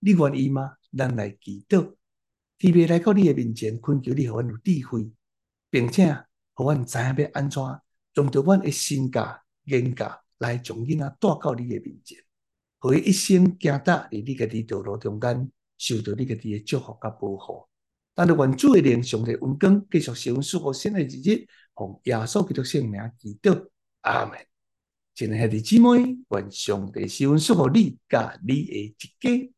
你願意嗎？咱嚟祈禱，佢未嚟到你嘅面前，懇求你俾我有智慧，並且俾我知要安怎，從到我嘅性格、性格，來從今啊帶到你嘅面前，可以一生驚得你呢個道路中間，受到呢個啲嘅祝福及保護。但係願主嘅靈上帝，我講繼續神所賜嘅新嘅日子，讓耶穌基督聖名祈禱，阿門。親愛的弟兄姊妹，願上帝神所賜你及你嘅一家。